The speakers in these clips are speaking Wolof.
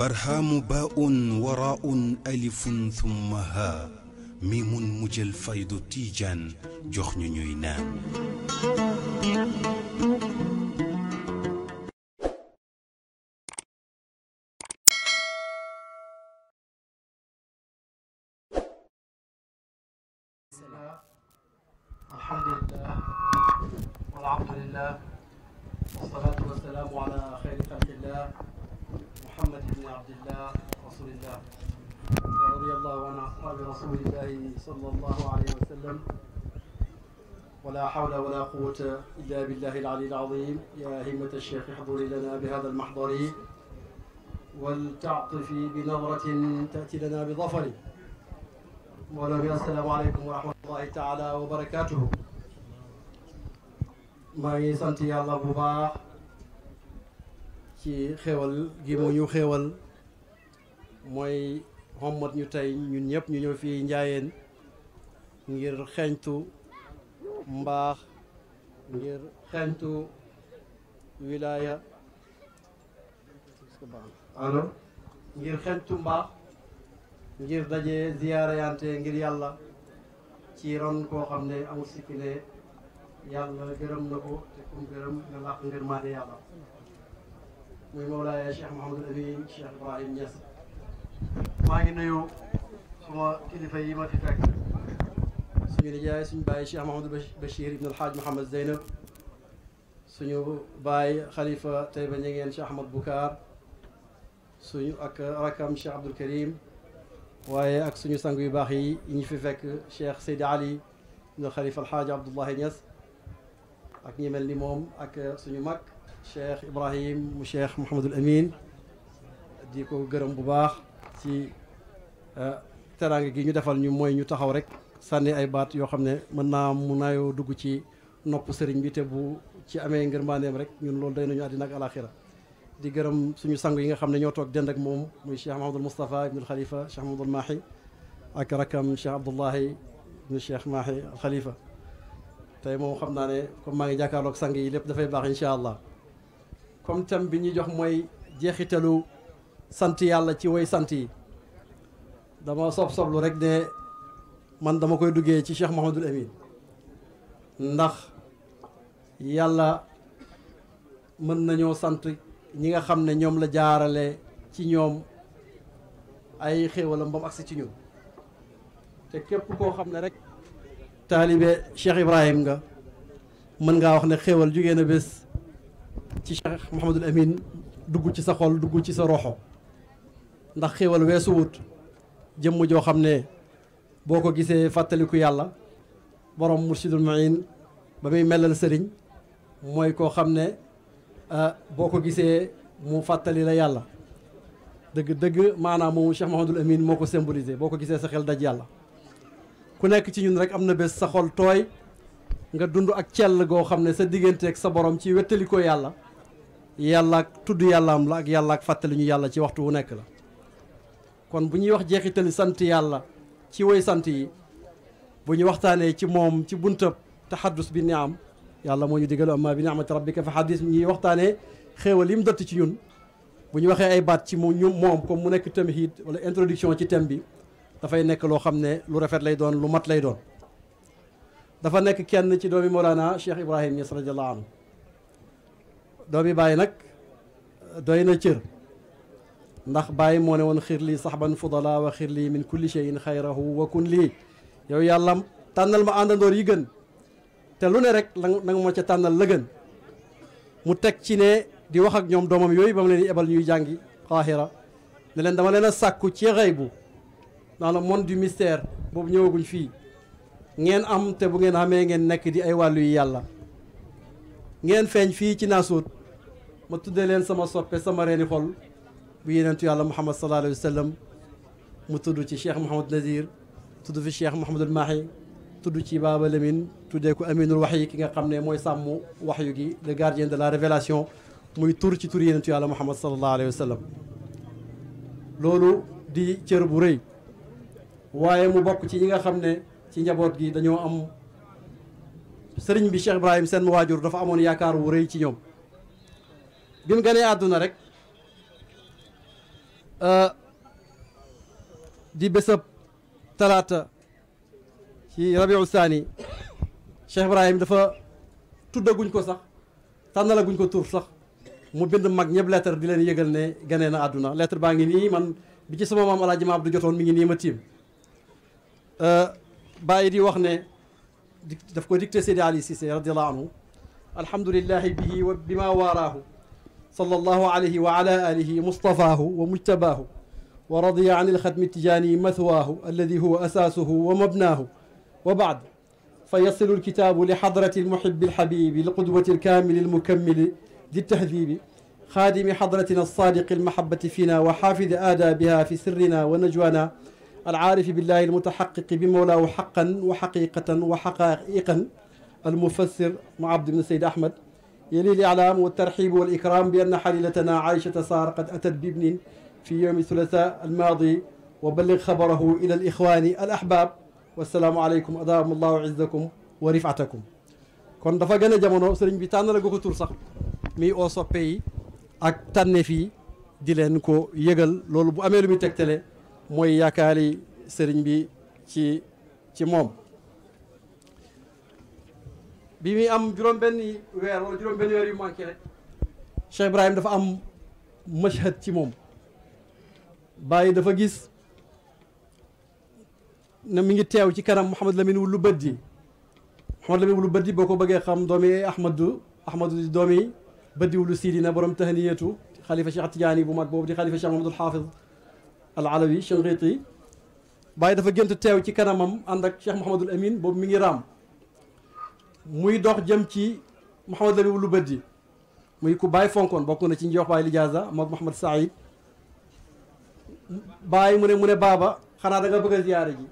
برهام باء وراء ألف ثم هاء ميم مجل فيض تيجان جخن نينان الحمد لله والعبد لله والصلاة والسلام على خير خلق الله محمد بن عبد الله رسول الله ورضي الله عن أصحاب رسول الله صلى الله عليه وسلم ولا حول ولا قوة إلا بالله العلي العظيم يا همة الشيخ احضري لنا بهذا المحضر ولتعطفي بنظرة تأتي لنا بظفر ولو السلام عليكم ورحمة الله تعالى وبركاته ما يسنتي الله بباح ci xéewal gi mu ñu xéewal mooy xommat ñu tey ñun ñëpp ñu ñëw fii njaayeen ngir xeeñtu mbaax ngir xeeñtu wilaaya alors ngir xeeñtu mbaax ngir daje ziyaarayante ngir yàlla ci ron koo xam ne amu sikki ne yàlla gërëm na ko te kum gërëm nga làq ngir maa yàlla muy Mawlaaya Cheikh Mouhamadul Amin Cheikh Ibrahim Niass maa ngi nuyu suma kilifa yi ma fi fekk suñu nijaay suñu baay Cheikh Mouhamadul Bachir ibn Alhaaj Mouhamad Zeynab suñu baay xalifa Taïba Ñangeen Cheikh Ahmad Boucar suñu ak rakam Cheikh Abdoul Karim waaye ak suñu sang yu baax yi ñu fi fekk Cheikh Seydi Ali ibn Xalifa Alhaaj Abdullahi Niass ak ñi mel ni moom ak suñu mag cheikh Ibrahim mu cheikh Mouhamadul Amin di ko gërëm bu baax ci teraanga gi ñu defal ñu mooy ñu taxaw rek sànni ay baat yoo xam ne mën naa mu naayoo dugg ci nopp sëriñ bi te bu ci amee ngërmandeem rek ñun loolu day nañu àddina ak alaxira di gërëm suñu sang yi nga xam ne ñoo toog dend ak moom muy cheikh Mahamadul Moustapha ibnul Khalifa cheikh Mahamadul Mahi ak rakam cheikh Abdullahi ibnul cheikh Mahi al Khalifa tey moom xam naa ne comme maa ngi jàkkaarloog sang yi lépp dafay baax incha allah. comme thème bi ñuy jox mooy jeexitalu sant yàlla ci woy sant yi dama sob soblu rek ne man dama koy duggee ci Cheikh Mouhamadul Amin ndax yàlla mën nañoo sant ñi nga xam ne ñoom la jaarale ci ñoom ay xéewalam ba mu agsi ci ñun te képp koo xam ne rek taalibe Cheikh Ibrahim nga mën ngaa wax ne xéewal jugee na bés ci Cheikh Mouhamadul Amin dugg ci sa xol dugg ci sa roxo ndax xéewal weesu wut jëmm joo xam ne boo ko gisee fàttaliku yàlla borom mursidul mahin ba muy melal sëriñ mooy koo xam ne ah, boo ko gisee mu fàttali la yàlla dëgg dëgg maanaam moomu Cheikh Mouhamadul Amin moo ko symbolisé boo ko gisee sa xel daj yàlla ku nekk ci ñun rek am na bés sa xol tooy nga dund ak cell goo xam ne sa diggante digganteeg sa borom ci wettali ko yàlla yàlla ak tudd yàllaam la ak yàlla ak fàttali ñu yàlla ci waxtu wu nekk la kon bu ñuy wax jeexitali sant yàlla ci woy sant yi bu ñu waxtaanee ci moom ci buntab taxaddus bi am yàlla moo ñu digalu amma bi niamati rabbika fa xadis ñuy waxtaanee xéewal yi mu dëtt ci ñun bu ñu waxee ay baat ci mu ñu moom comme mu nekk tamhid wala introduction ci thème bi dafay nekk loo xam ne lu rafet lay doon lu mat lay doon dafa nekk kenn ci doomi Mawlana Cheikh Ibrahim Niass radiallahu anhu doomi Baye nag doy na cër ndax Baye moo ne woon xir lii saxban fudala wa xir lii min kulli cheyin xayrahu wa kun lii yow yàllam tànnal ma àndandoor yi gën te lu ne rek nanga ma ca tànnal la gën mu teg ci ne di wax ak ñoom doomam yooyu ba mu leen ebal ñuy jàngi xaaxira ne leen dama leen a sàkku ci xëy bu dans le monde du mystère boobu ñëwaguñ fii ngeen am te bu ngeen xamee ngeen nekk di ay wàllu yi yàlla ngeen feeñ fii ci naasuut ma tuddee leen sama soppe sama reeni xol bu yenentu yàlla muhammad sallallahu alayhi wasallam mu tudd ci cheikh Mouhamad Nazir tudd fi cheikh Mouhamadul Mahi tudd ci Baba lamin tuddee ko Aminul Wahyi ki nga xam ne mooy sàmm waxyu gi le gardien de la révélation muy tur ci tur yenentu yàlla muhammad sallallahu alayhi wasallam sallam loolu di cër bu rëy waaye mu bokk ci ñi nga xam ne ci njaboot gi dañoo am sëriñ bi Cheikh Ibrahim seen waajur dafa amoon yaakaar wu rëy ci ñoom bi mu gënee àdduna rek euh, di bésab talaata ci rabiu saani Cheikh Ibrahim dafa tuddaguñ ko sax tànnalaguñ ko tur sax mu bind mag ñëpp lettre di leen yëgal ne gënee na àdduna lettre baa ngi nii man bi ci sama maam Alaaji Maam Abdu jotoon mi ngi nii ma tiim euh, باي دي واخ نه داف كو سيدي علي سيسي رضي الله عنه الحمد لله به وبما وراه صلى الله عليه وعلى اله مصطفاه ومجتباه ورضي عن الخدم التجاني مثواه الذي هو اساسه ومبناه وبعد فيصل الكتاب لحضره المحب الحبيب القدوه الكامل المكمل للتهذيب خادم حضرتنا الصادق المحبه فينا وحافظ ادابها في سرنا ونجوانا العارف بالله المتحقق بمولاه حقا وحقيقة وحقائقا المفسر مع عبد بن سيد أحمد يلي الإعلام والترحيب والإكرام بأن حليلتنا عائشة صار قد أتت بابن في يوم الثلاثاء الماضي وبلغ خبره إلى الإخوان الأحباب والسلام عليكم أدام الله عزكم ورفعتكم كون dafa gën a jamono sëriñ bi tànnal ko tur sax mi oo soppe yi ak tànne fii di leen ko yëgal loolu bu amee moy yakali serigne bi ci ci mom bi mi am juroom ben weer wala juroom ben weer yu manqué rek Cheikh Ibrahim dafa am mashhad ci mom baye dafa gis na mi ngi tew ci kanam Mouhamad Lamine wulu bëddi Mouhamad Lamine wulu bëddi boko beugé xam domi Ahmadu Ahmadu di doomi bëddi wulu siidi na borom tahaniyatu khalifa Cheikh Tidiane bu mag bobu di khalifa Cheikh al hafid Alawi Chenghiti bàyyi dafa gént teew ci kanamam ànd ak Cheikh Mouhamadul Amin boobu mi ngi raam muy dox jëm ci Mouhamadul Amin lu bëddi muy ku bàyyi fonkoon bokk na ci njox bàyyi lijaasa moog Mouhamad Saïd bàyyi mu ne mu ne baaba xanaa da nga bëgg a ziyaare ji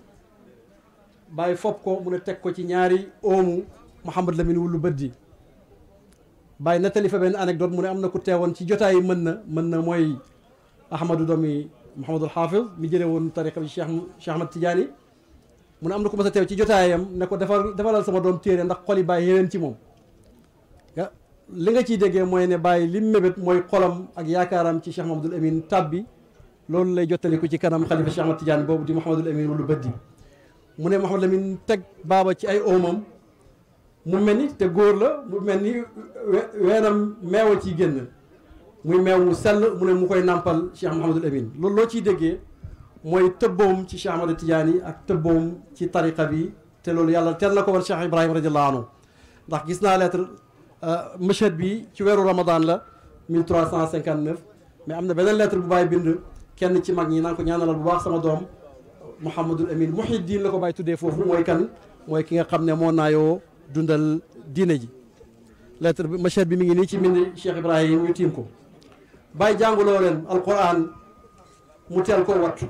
bàyyi fopp ko mu ne teg ko ci ñaari oomu Mouhamad Lamine wulu bëddi bàyyi nettali fa benn anecdote mu ne am na ku teewoon ci jotaay mën na mën na mooy Ahmadou doomi Mouhamadou Hafiz mi jëlee woon tariqa bi Cheikh Cheikh Ahmad Tidiane mu ne am na ko mas a teew ci jotaayam ne ko defar defaral sama doom téere ndax xoli bàyyi yeneen ci moom nga li nga ciy déggee mooy ne bàyyi li mébét mooy xolam ak yaakaaram ci Cheikh Mouhamadoul Amine tabbi loolu lay jottaliku ci kanam xalifa Cheikh Ahmad Tidiane boobu di Mouhamadoul Amine walu bëddi mu ne Mouhamadou Amine teg baaba ci ay oomam mu mel ni te góor la mu mel ni weenam meewa ciy génn muy meew mu sell mu ne mu koy nàmpal Cheikh Mouhamadul Amin loolu loo ciy déggee mooy tëbboom ci Cheikh Ahmadu Tidiane yi ak tëbboom ci tariqa bi te loolu yàlla teel na ko woon Cheikh Ibrahima radiallahu anhu ndax gis naa lettre euh, machad bi ci weeru Ramadan la 1359 mais am na beneen lettre bu bàyyi bind kenn ci mag ñi naan ko ñaanalal bu baax sama doom Mouhamadul Amin Muhiddin la ko bàyyi tuddee foofu mooy kan mooy ki nga xam ne moo naayoo dundal diine ji lettre bi machad bi mi ngi nii ci mbind Cheikh Ibrahima tiim ko. bàyyi jànguloo leen alquran mu teel ko wattu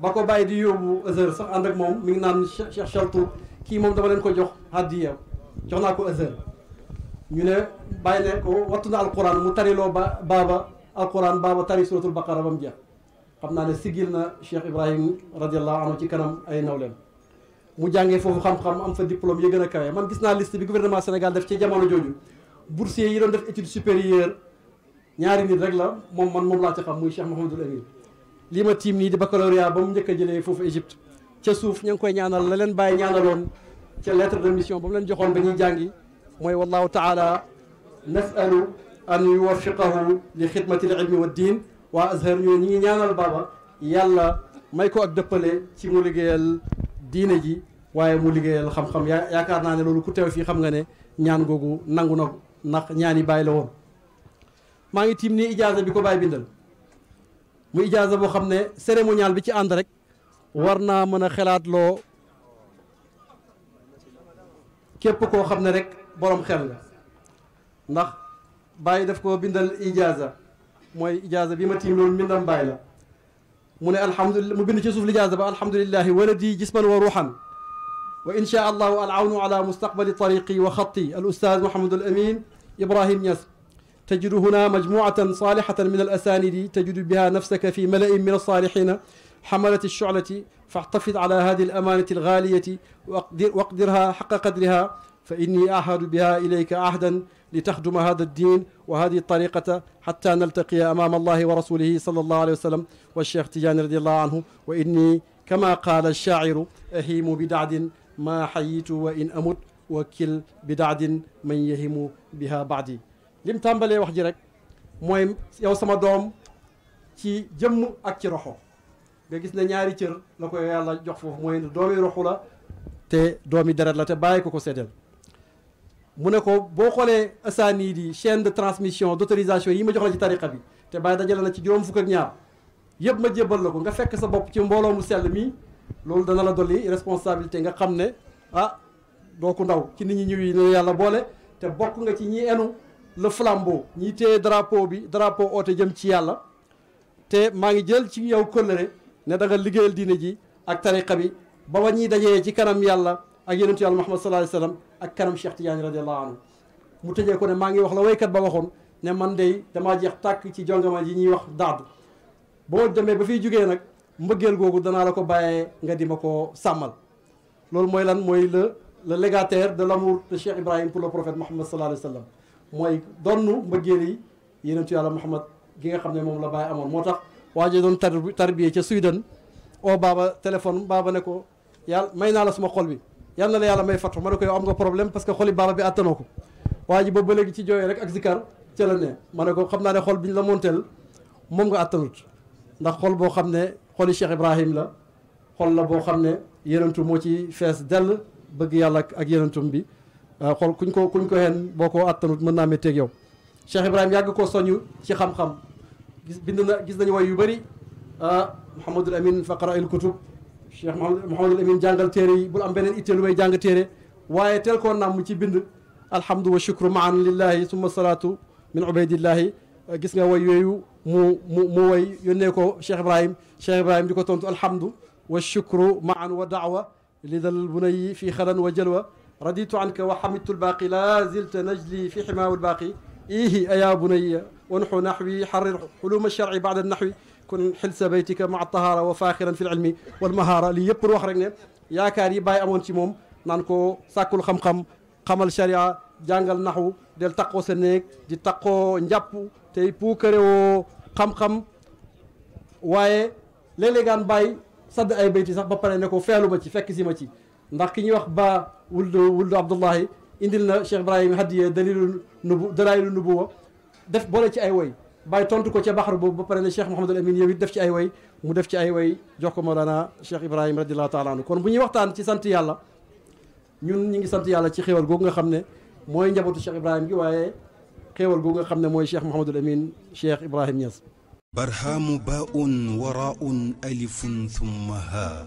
ba ko bàyyi di yóbbu azhar sax ànd ak moom mi ngi naan Cheikh Chaltu kii moom dama leen ko jox hadiya jox naa ko azhar ñu ne bàyyi ne ko wattu na alquran mu tariloo ba baaba alquran baaba tari suratul baqara ba mu jeex xam naa ne sigil na Cheikh Ibrahim radiallahu anhu ci kanam ay nawleen mu jàngee foofu xam-xam am fa diplôme yi gën a kawe man gis naa liste bi gouvernement Sénégal def ci jamono jooju boursiers yi doon def étude supérieure ñaari nit rek la mom man mom la ci xam muy Cheikh Mouhamadul Amin lii ma tiim nii di baccalauréat bam ñëk jëlé fofu Égypte ci souf ñang koy ñaanal la leen bàyyi ñaanaloon ci lettre de mission bam leen joxoon ba jàngi moy wallahu taala nasalu an yuwaffiqahu li khidmati al-ilm wa ad-din wa Azhar ñu ñi ñaanal baba yàlla may ko ak dëppale ci mu liggéeyal diine ji waaye mu liggéeyal xam-xam yaa yaakaar naa ne loolu ku teew fii xam nga ne ñaan googu nangu na ndax ñaani bàyyi la woon maa ngi tiim nii ijaaza bi ko bàyyi bindal mu ijaaza boo xam ne cérémonial bi ci ànd rek war naa mën a xelaat loo képp koo xam ne rek borom xel la ndax bàyyi daf ko bindal ijaaza mooy ijaaza bi ma tiim loolu mbindam bàyyi la mu ne alhamdulilah mu bind ci suuf lijaaza ba alhamdulilahi waladi jisman wa ruuxan wa insha allahu al awnu ala mustaqbali tariqi wa xatti al ustaaz Mouhamadul Amin Ibrahim Niass تجد هنا مجموعة صالحة من الأسانيد تجد بها نفسك في ملأ من الصالحين حملة الشعلة فاحتفظ على هذه الأمانة الغالية واقدر واقدرها حق قدرها فإني أعهد بها إليك عهدا لتخدم هذا الدين وهذه الطريقة حتى نلتقي أمام الله ورسوله صلى الله عليه وسلم والشيخ تجاني رضي الله عنه وإني كما قال الشاعر أهيم بدعد ما حييت وإن أمت وكل بدعد من يهم بها بعدي lim tàmbalee wax ji rek mooy yow sama doom ci jëmm ak ci roxo nga gis ne ñaari cër la ko yàlla jox foofu mooy doomi roxu la te doomi deret la te bàyyi ko ko seddeel mu ne ko boo xoolee asaanii di chaîne de transmission d'autorisation yi ma jox la ci tariqa bi te bàyyi dajale na ci juróom fukk ak ñaar yëpp ma jébbal la ko nga fekk sa bopp ci mbooloo mu sell mi loolu dana la dolli responsabilité nga xam ne ah doo ko ndaw ci nit ñi ñëw yi ne yàlla boole te bokk nga ci la flambeau ñi téye drapeau bi drapeau oote jëm ci yàlla te maa ngi jël ci yow kóllëre ne da liggéeyal diine ji ak tariqa bi ba ba ñuy dajee ci kanam yàlla ak yonentu yàlla Muhammad sallallahu alayhi wasallam ak kanam Cheikh Tidiane radiyallahu anhu mu tëjee ko ne maa ngi wax la waykat ba waxoon ne man dey damaa jeex tàkk ci jongama yi ñuy wax daad boo demee ba fiy jógee nag mbëggeel googu danaa la ko bàyyee nga di ma ko sàmmal loolu mooy lan mooy le le légataire de l'amour de Cheikh Ibrahim pour le prophète Muhammad sallallahu alayhi wasallam mooy donnu mbëggeel yi yonentu yàlla Muhammad gi nga xam ne moom la bàyyi amoon moo tax waajo doon tar tarbiye ca Sudan oo baaba téléphone baaba ne ko yàlla may naa la suma xol bi yal na la yàlla may fatu ma ne ko yow am nga problème parce que xoli baaba bi attanoo ko waa ji boobu ba léegi ci jooyee rek ak zikar ca la ne ma ne ko xam naa ne xol bi ñu la monteel moom nga attanut ndax xol boo xam ne xoli Cheikh Ibrahim la xol la boo xam ne yenentu moo ci fees dell bëgg yàlla ak yenentum bi xol kuñ ko kuñ ko xeen boo ko attanut mën naa métteeg yow Cheikh Ibrahima yàgg koo soñu ci xam-xam bind na gis nañu way yu bëri Mouhamadul Amin faqara il kutub Cheikh Mouhamadul Amin jàngal téere yi bul am beneen ittee lu may jàng téere waaye teel koo namm ci bind alhamdu wa shukru maan lillahi summa salaatu min ubaidillahi gis nga way yooyu mu mu way yónnee ko Cheikh Ibrahim Cheikh Ibrahim di tontu alhamdu wa shukru maan wa daawa lidal bunayi fii xalan wa jalwa رديت عنك وحمدت الباقي لا زلت نجلي في حماه الباقي إيه أيا بني ونحو نحوي حرر حلوم الشرع بعد النحوي كن حلس بيتك مع الطهارة وفاخرا في العلم والمهارة ليبر وخرجنا يا كاري باي أمون تيموم نانكو ساكل خمخم خم الشريعة جانجل نحو ديل تقو سنيك دي تقو نجابو تي بوكريو خمخم واي ليلي كان باي صد اي بيتي صاحب بابا نكو فعلو باتي فكسي ماتي ndax ki ñuy wax ba wuldu wuldu abdullahi indil na Cheikh Ibrahima hadiya dalilu nubu dalailu nubuwa def boole ci ay woy bàyyi tontu ko ca baxar boobu ba pare ne Cheikh Mouhamadul Amin yow it def ci ay woy mu def ci ay woy jox ko Mawlana Cheikh Ibrahima radiallahu taala anhu kon bu ñuy waxtaan ci sant yàlla ñun ñu ngi sant yàlla ci xéewal googu nga xam ne mooy njabootu Cheikh Ibrahima gi waaye xéewal googu nga xam ne mooy Cheikh Mouhamadul Amin Cheikh Ibrahim Niass barhamu baun waraun alifun thumma ha